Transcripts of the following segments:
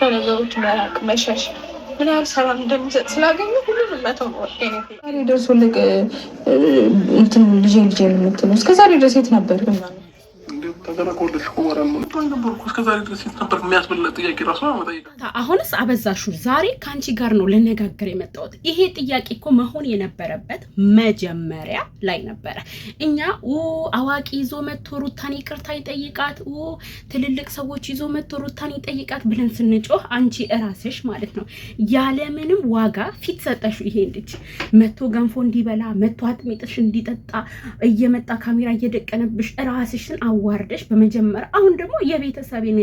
ከነገሮች መራቅ መሸሽ ምን ያህል ሰላም እንደሚሰጥ ስላገኙ ሁሉንም መተው ነው። ደርሶ ልቅ እንትን ልጄ ልጄ የምትለው እስከዛሬ ድረስ የት ነበር? አሁንስ አበዛሹ። ዛሬ ከአንቺ ጋር ነው ልነጋገር የመጣሁት። ይሄ ጥያቄ እኮ መሆን የነበረበት መጀመሪያ ላይ ነበረ። እኛ አዋቂ ይዞ መቶ ሩታን ይቅርታ ይጠይቃት፣ ትልልቅ ሰዎች ይዞ መቶ ሩታን ይጠይቃት ብለን ስንጮህ አንቺ እራስሽ ማለት ነው ያለምንም ዋጋ ፊት ሰጠሽ። ይሄ ልጅ መቶ ገንፎ እንዲበላ መቶ አጥሚጥሽ እንዲጠጣ እየመጣ ካሜራ እየደቀነብሽ እራስሽን አዋርደሽ ብለሽ በመጀመር አሁን ደግሞ የቤተሰብን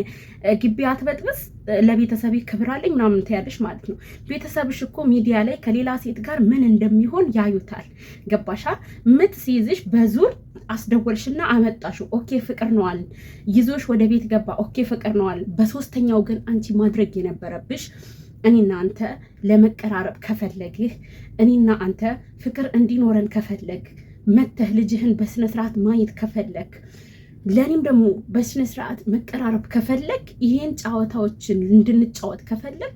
ግቢ አትበጥብስ፣ ለቤተሰቤ ክብር አለኝ ምናምን ትያለሽ ማለት ነው። ቤተሰብሽ እኮ ሚዲያ ላይ ከሌላ ሴት ጋር ምን እንደሚሆን ያዩታል። ገባሻ? ምት ሲይዝሽ በዙር አስደወልሽና አመጣሽ ኦኬ ፍቅር ነዋል። ይዞሽ ወደ ቤት ገባ። ኦኬ ፍቅር ነዋል። በሶስተኛው ግን አንቺ ማድረግ የነበረብሽ እኔና አንተ ለመቀራረብ ከፈለግህ እኔና አንተ ፍቅር እንዲኖረን ከፈለግ መተህ ልጅህን በስነስርዓት ማየት ከፈለግ ለእኔም ደግሞ በስነ ስርዓት መቀራረብ ከፈለግ ይሄን ጨዋታዎችን እንድንጫወት ከፈለግ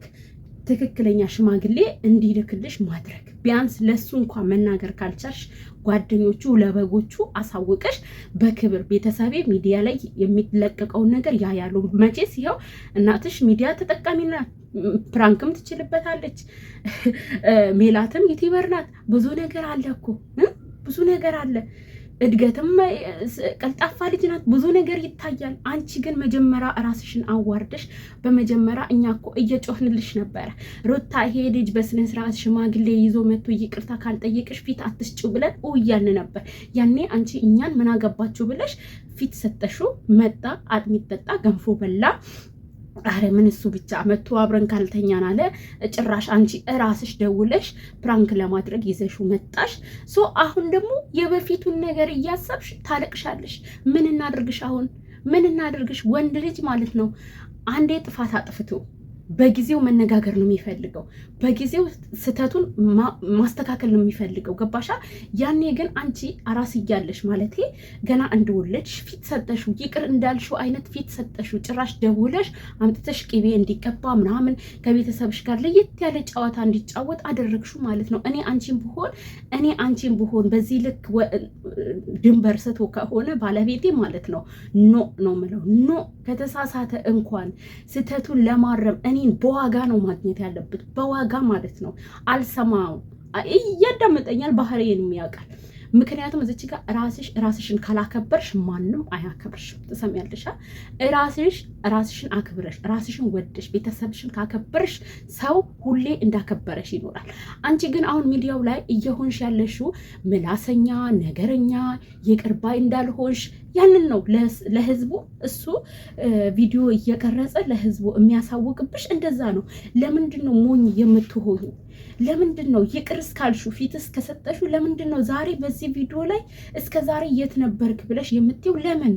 ትክክለኛ ሽማግሌ እንዲልክልሽ ማድረግ ቢያንስ ለሱ እንኳን መናገር ካልቻልሽ ጓደኞቹ ለበጎቹ አሳውቀሽ በክብር ቤተሰቤ ሚዲያ ላይ የሚለቀቀውን ነገር ያያሉ። መቼስ ይኸው እናትሽ ሚዲያ ተጠቃሚና ፕራንክም ትችልበታለች። ሜላትም ዩቲዩበር ናት። ብዙ ነገር አለ እኮ ብዙ ነገር አለ። እድገትም ቀልጣፋ ልጅ ናት፣ ብዙ ነገር ይታያል። አንቺ ግን መጀመሪያ ራስሽን አዋርደሽ፣ በመጀመሪያ እኛ እኮ እየጮህንልሽ ነበረ ሮታ፣ ይሄ ልጅ በስነ ስርዓት ሽማግሌ ይዞ መቶ ይቅርታ ካልጠየቅሽ ፊት አትስጪው ብለን እያልን ነበር። ያኔ አንቺ እኛን ምን አገባችሁ ብለሽ ፊት ሰጠሹ። መጣ፣ አጥሚት ጠጣ፣ ገንፎ በላ አረ ምን እሱ ብቻ መቶ አብረን ካልተኛን አለ። ጭራሽ አንቺ እራስሽ ደውለሽ ፕራንክ ለማድረግ ይዘሹ መጣሽ። ሶ አሁን ደግሞ የበፊቱን ነገር እያሰብሽ ታለቅሻለሽ። ምን እናድርግሽ? አሁን ምን እናድርግሽ? ወንድ ልጅ ማለት ነው አንዴ ጥፋት አጥፍቶ በጊዜው መነጋገር ነው የሚፈልገው። በጊዜው ስህተቱን ማስተካከል ነው የሚፈልገው። ገባሻ? ያኔ ግን አንቺ አራስ እያለሽ ማለቴ ገና እንደወለድሽ ፊት ሰጠሹ፣ ይቅር እንዳልሽው አይነት ፊት ሰጠሹ። ጭራሽ ደውለሽ አምጥተሽ ቅቤ እንዲቀባ ምናምን ከቤተሰብሽ ጋር ለየት ያለ ጨዋታ እንዲጫወት አደረግሹ ማለት ነው። እኔ አንቺን ብሆን እኔ አንቺን ብሆን በዚህ ልክ ድንበር ስቶ ከሆነ ባለቤቴ ማለት ነው ኖ ነው ምለው ኖ ከተሳሳተ እንኳን ስህተቱን ለማረም እኔ እኔን በዋጋ ነው ማግኘት ያለበት፣ በዋጋ ማለት ነው። አልሰማውም፣ እያዳመጠኛል፣ ባህሪዬን ያውቃል ምክንያቱም እዚች ጋር ራስሽ ራስሽን ካላከበርሽ ማንም አያከብርሽም። ትሰሚያለሽ? ራስሽ ራስሽን አክብረሽ ራስሽን ወደሽ ቤተሰብሽን ካከበርሽ ሰው ሁሌ እንዳከበረሽ ይኖራል። አንቺ ግን አሁን ሚዲያው ላይ እየሆንሽ ያለሽው ምላሰኛ፣ ነገረኛ፣ ይቅር ባይ እንዳልሆንሽ ያንን ነው ለህዝቡ እሱ ቪዲዮ እየቀረጸ ለህዝቡ የሚያሳውቅብሽ። እንደዛ ነው። ለምንድን ነው ሞኝ የምትሆኑ? ለምንድን ነው ይቅር እስካልሹ ፊት እስከሰጠሹ? ለምንድን ነው ዛሬ በዚህ ቪዲዮ ላይ እስከ ዛሬ የት ነበርክ ብለሽ የምትይው? ለምን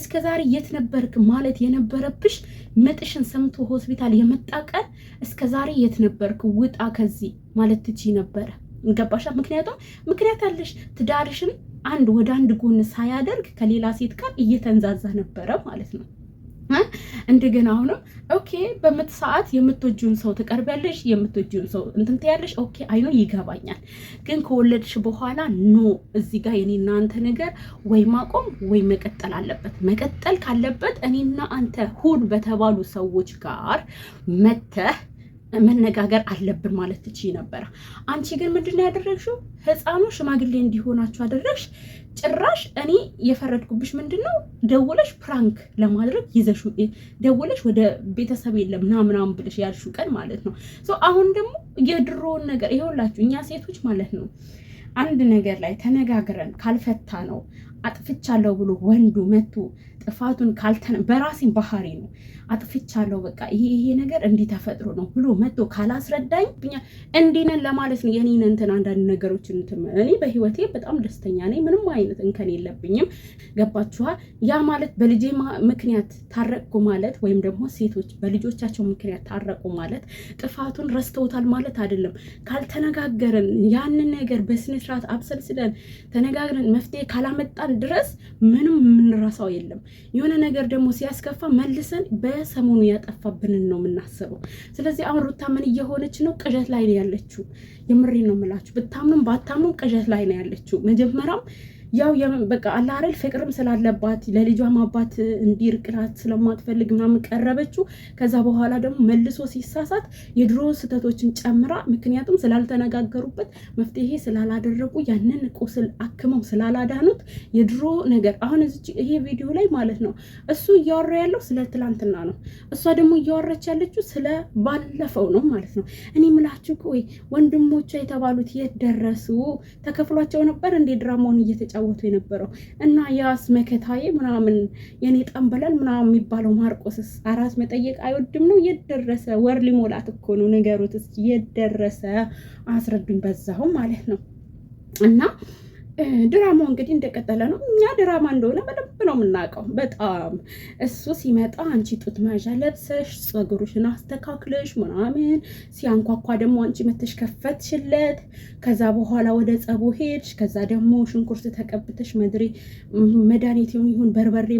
እስከ ዛሬ የት ነበርክ ማለት የነበረብሽ ምጥሽን ሰምቶ ሆስፒታል የመጣ ቀን እስከ ዛሬ የት ነበርክ ውጣ ከዚህ ማለት ትቺ ነበረ። ገባሻ? ምክንያቱም ምክንያት አለሽ ትዳርሽን አንድ ወደ አንድ ጎን ሳያደርግ ከሌላ ሴት ጋር እየተንዛዛ ነበረ ማለት ነው። እንደገና አሁንም ኦኬ በምት ሰዓት የምትወጂውን ሰው ትቀርቢያለሽ፣ የምትወጂውን ሰው እንትን ትያለሽ። ኦኬ አይኖ ይገባኛል። ግን ከወለድሽ በኋላ ኖ እዚህ ጋር የኔ እናንተ ነገር ወይ ማቆም ወይ መቀጠል አለበት። መቀጠል ካለበት እኔና አንተ ሁን በተባሉ ሰዎች ጋር መተህ መነጋገር አለብን ማለት ትችይ ነበረ። አንቺ ግን ምንድን ነው ያደረግሽው? ህፃኑ ሽማግሌ እንዲሆናችሁ አደረግሽ። ጭራሽ እኔ የፈረድኩብሽ ምንድን ነው ደውለሽ ፕራንክ ለማድረግ ይዘሽ ደውለሽ ወደ ቤተሰብ የለም ምናምናም ብለሽ ያልሽው ቀን ማለት ነው። አሁን ደግሞ የድሮውን ነገር ይኸውላችሁ፣ እኛ ሴቶች ማለት ነው አንድ ነገር ላይ ተነጋግረን ካልፈታ ነው አጥፍቻለሁ ብሎ ወንዱ መቶ ጥፋቱን ካልተነ በራሴን ባህሪ ነው አጥፍቻለሁ፣ በቃ ይሄ ይሄ ነገር እንዲህ ተፈጥሮ ነው ብሎ መጥቶ ካላስረዳኝ ብኛ እንዲነን ለማለት ነው። የኔን እንትን አንዳንድ ነገሮችን እንትን እኔ በህይወቴ በጣም ደስተኛ ነኝ፣ ምንም አይነት እንከን የለብኝም። ገባችኋል? ያ ማለት በልጄ ምክንያት ታረቅኩ ማለት ወይም ደግሞ ሴቶች በልጆቻቸው ምክንያት ታረቁ ማለት ጥፋቱን ረስተውታል ማለት አይደለም። ካልተነጋገርን ያንን ነገር በስነስርዓት አብሰልስለን ተነጋግረን መፍትሄ ካላመጣን ድረስ ምንም የምንረሳው የለም። የሆነ ነገር ደግሞ ሲያስከፋ መልሰን በሰሞኑ ያጠፋብንን ነው የምናስበው። ስለዚህ አሁን ሩታ ምን እየሆነች ነው? ቅዠት ላይ ነው ያለችው። የምሬ ነው የምላችሁ። ብታምኑም ባታምኑም ቅዠት ላይ ነው ያለችው መጀመሪያም ያው በቃ አለ አይደል ፍቅርም ስላለባት ለልጇም አባት እንዲርቅላት ስለማትፈልግ ምናምን ቀረበችው። ከዛ በኋላ ደግሞ መልሶ ሲሳሳት የድሮ ስህተቶችን ጨምራ፣ ምክንያቱም ስላልተነጋገሩበት መፍትሄ ስላላደረጉ ያንን ቁስል አክመው ስላላዳኑት የድሮ ነገር አሁን ይሄ ቪዲዮ ላይ ማለት ነው እሱ እያወራ ያለው ስለ ትላንትና ነው። እሷ ደግሞ እያወራች ያለችው ስለ ባለፈው ነው ማለት ነው። እኔ ምላችሁ ወይ ወንድሞቿ የተባሉት የት ደረሱ? ተከፍሏቸው ነበር እንዴ ድራማውን እየተጫ ሲጫወቱ የነበረው እና ያስ መከታዬ ምናምን የኔ ጠንበላል ምናምን የሚባለው ማርቆስስ አራስ መጠየቅ አይወድም ነው የደረሰ ወር ሊሞላት እኮ ነው። ንገሩት የደረሰ አስረዱኝ። በዛው ማለት ነው እና ድራማው እንግዲህ እንደቀጠለ ነው። እኛ ድራማ እንደሆነ በደንብ ነው የምናውቀው። በጣም እሱ ሲመጣ አንቺ ጡት መያዣ ለብሰሽ ፀጉርሽን አስተካክለሽ ምናምን ሲያንኳኳ ደግሞ አንቺ መተሽ ከፈትሽለት። ከዛ በኋላ ወደ ጸቡ ሄድሽ። ከዛ ደግሞ ሽንኩርት ተቀብተሽ መድሬ መድኃኒት ይሁን በርበሬ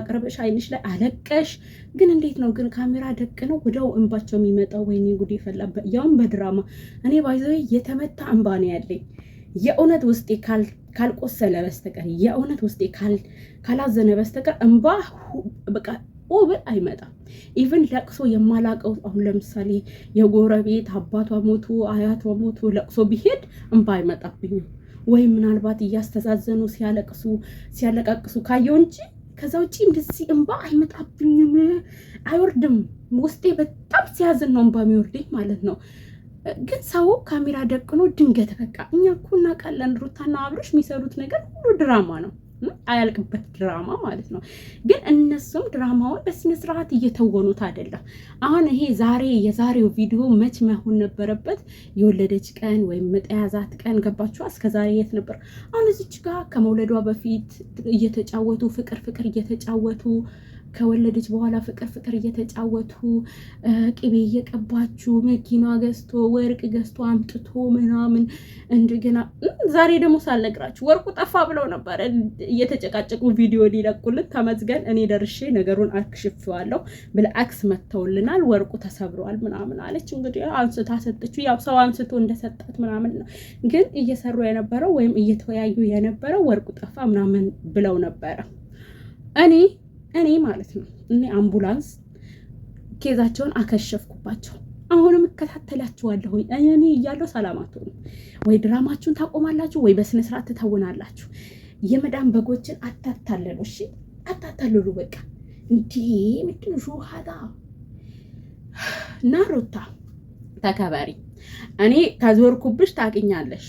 አቅርበሽ አይንሽ ላይ አለቀሽ። ግን እንዴት ነው ግን ካሜራ ደቅ ነው ወደው እንባቸው የሚመጣው? ወይኔ ጉድ ይፈላ። ያውም በድራማ እኔ ባይዘ የተመታ እንባ ነው ያለኝ የእውነት ውስጤ ካልቆሰለ በስተቀር የእውነት ውስጤ ካላዘነ በስተቀር እንባ በቃ ኦብል አይመጣም። ኢቨን ለቅሶ የማላቀው አሁን ለምሳሌ የጎረቤት አባቷ ሞቱ፣ አያቷ ሞቱ ለቅሶ ቢሄድ እንባ አይመጣብኝም። ወይም ምናልባት እያስተዛዘኑ ሲያለቅሱ ሲያለቃቅሱ ካየው እንጂ ከዛ ውጭ እንደዚህ እንባ አይመጣብኝም፣ አይወርድም። ውስጤ በጣም ሲያዝን ነው እንባ የሚወርደኝ ማለት ነው። ግን ሰው ካሜራ ደቅኖ ድንገት በቃ እኛ እኮ እናውቃለን፣ ሩታና አብርሽ የሚሰሩት ነገር ሁሉ ድራማ ነው፣ አያልቅበት ድራማ ማለት ነው። ግን እነሱም ድራማውን በስነ ስርዓት እየተወኑት አይደለም። አሁን ይሄ ዛሬ የዛሬው ቪዲዮ መች መሆን ነበረበት? የወለደች ቀን ወይም መጠያዛት ቀን ገባችኋ? እስከ ዛሬ የት ነበር? አሁን እዚች ጋር ከመውለዷ በፊት እየተጫወቱ ፍቅር ፍቅር እየተጫወቱ ከወለደች በኋላ ፍቅር ፍቅር እየተጫወቱ ቅቤ እየቀባችሁ መኪና ገዝቶ ወርቅ ገዝቶ አምጥቶ ምናምን እንደገና ዛሬ ደግሞ ሳልነግራችሁ ወርቁ ጠፋ ብለው ነበረ እየተጨቃጨቁ ቪዲዮ ሊለቁልን ተመዝገን እኔ ደርሼ ነገሩን አክሽፌዋለሁ ብለአክስ መጥተውልናል ወርቁ ተሰብረዋል ምናምን አለች እንግዲህ አንስታ ሰጠችው ያው ሰው አንስቶ እንደሰጣት ምናምን ነው ግን እየሰሩ የነበረው ወይም እየተወያዩ የነበረው ወርቁ ጠፋ ምናምን ብለው ነበረ እኔ እኔ ማለት ነው እኔ አምቡላንስ ኬዛቸውን አከሸፍኩባቸው። አሁንም እከታተላችኋለሁ። እኔ እያለሁ ሰላማቱ ወይ ድራማችሁን ታቆማላችሁ ወይ በስነ ስርዓት ትተውናላችሁ። የመዳን በጎችን አታታለሉ፣ እሺ አታታለሉ። በቃ እንዲ ምድን ሹሃዳ ናሮታ ተከበሪ። እኔ ከዞርኩብሽ ታውቂኛለሽ።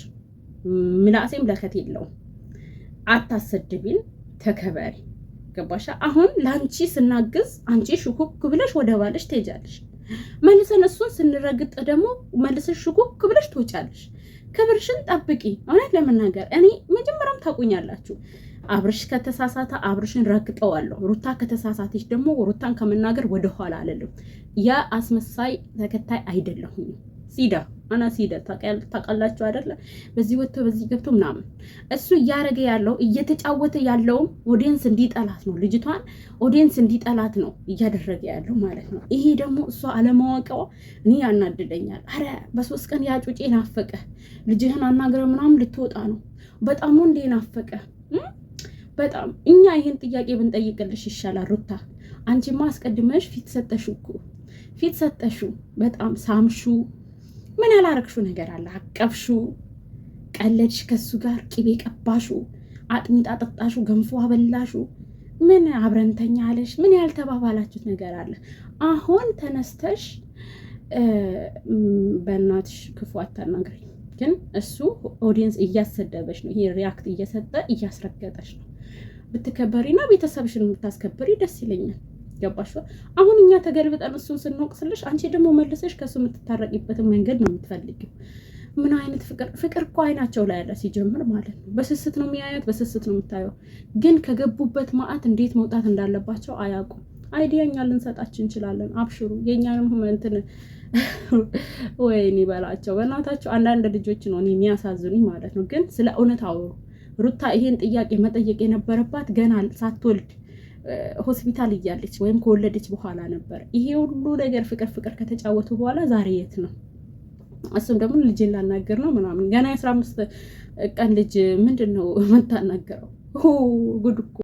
ምላሴም ለከት የለውም። አታሰድቢን፣ ተከበሪ። ገባሻ? አሁን ለአንቺ ስናግዝ አንቺ ሹኩክ ብለሽ ወደ ባለሽ ትሄጃለሽ። መልሰን እሱን ስንረግጥ ደግሞ መልሰሽ ሹኩክ ብለሽ ትወጫለሽ። ክብርሽን ጠብቂ። እውነት ለመናገር እኔ መጀመሪያም ታውቁኛላችሁ። አብርሽ ከተሳሳተ አብርሽን ረግጠዋለሁ። ሩታ ከተሳሳተች ደግሞ ሩታን ከመናገር ወደኋላ አልልም። ያ አስመሳይ ተከታይ አይደለሁም። ሲዳ አና ሲዳ ታውቃላችሁ አይደለ? በዚህ ወጥቶ በዚህ ገብቶ ምናምን እሱ እያደረገ ያለው እየተጫወተ ያለውም ኦዲየንስ እንዲጠላት ነው። ልጅቷን ኦዲየንስ እንዲጠላት ነው እያደረገ ያለው ማለት ነው። ይሄ ደግሞ እሷ አለማወቀው እኔ ያናድደኛል። አረ በሶስት ቀን ያጩጪ ናፈቀ። ልጅህን አናግረ ምናምን ልትወጣ ነው። በጣም ወንዴ ናፈቀ። በጣም እኛ ይህን ጥያቄ ብንጠይቅልሽ ይሻላል። ሩታ አንቺማ አስቀድመሽ ፊት ሰጠሹ እኮ ፊት ሰጠሹ። በጣም ሳምሹ ምን ያላረግሹ ነገር አለ? አቀብሹ ቀለድሽ ከሱ ጋር፣ ቅቤ ቀባሹ፣ አጥሚጣ ጠጣሹ፣ ገንፎ አበላሹ፣ ምን አብረንተኛ አለሽ? ምን ያልተባባላችሁት ነገር አለ? አሁን ተነስተሽ በእናትሽ ክፉ አታናግሪ። ግን እሱ ኦዲየንስ እያሰደበች ነው። ይሄ ሪያክት እየሰጠ እያስረገጠች ነው። ብትከበሪና ቤተሰብሽን የምታስከብሪ ደስ ይለኛል። ገባሽ አሁን እኛ ተገልብጠን እሱን ስንወቅስልሽ አንቺ ደግሞ መልሰሽ ከእሱ የምትታረቂበትን መንገድ ነው የምትፈልጊው ምን አይነት ፍቅር ፍቅር እኮ አይናቸው ላይ ያለ ሲጀምር ማለት ነው በስስት ነው የሚያያት በስስት ነው የምታየው ግን ከገቡበት ማአት እንዴት መውጣት እንዳለባቸው አያውቁም አይዲያ እኛ ልንሰጣችሁ እንችላለን አብሽሩ የእኛንም እንትን ወይኔ በላቸው በእናታቸው አንዳንድ ልጆች ነው የሚያሳዝኑኝ ማለት ነው ግን ስለ እውነት አውሩ ሩታ ይሄን ጥያቄ መጠየቅ የነበረባት ገና ሳትወልድ ሆስፒታል እያለች ወይም ከወለደች በኋላ ነበር። ይሄ ሁሉ ነገር ፍቅር ፍቅር ከተጫወቱ በኋላ ዛሬ የት ነው? እሱም ደግሞ ልጅን ላናገር ነው ምናምን ገና የአስራ አምስት ቀን ልጅ ምንድን ነው የምታናገረው? ጉድ እኮ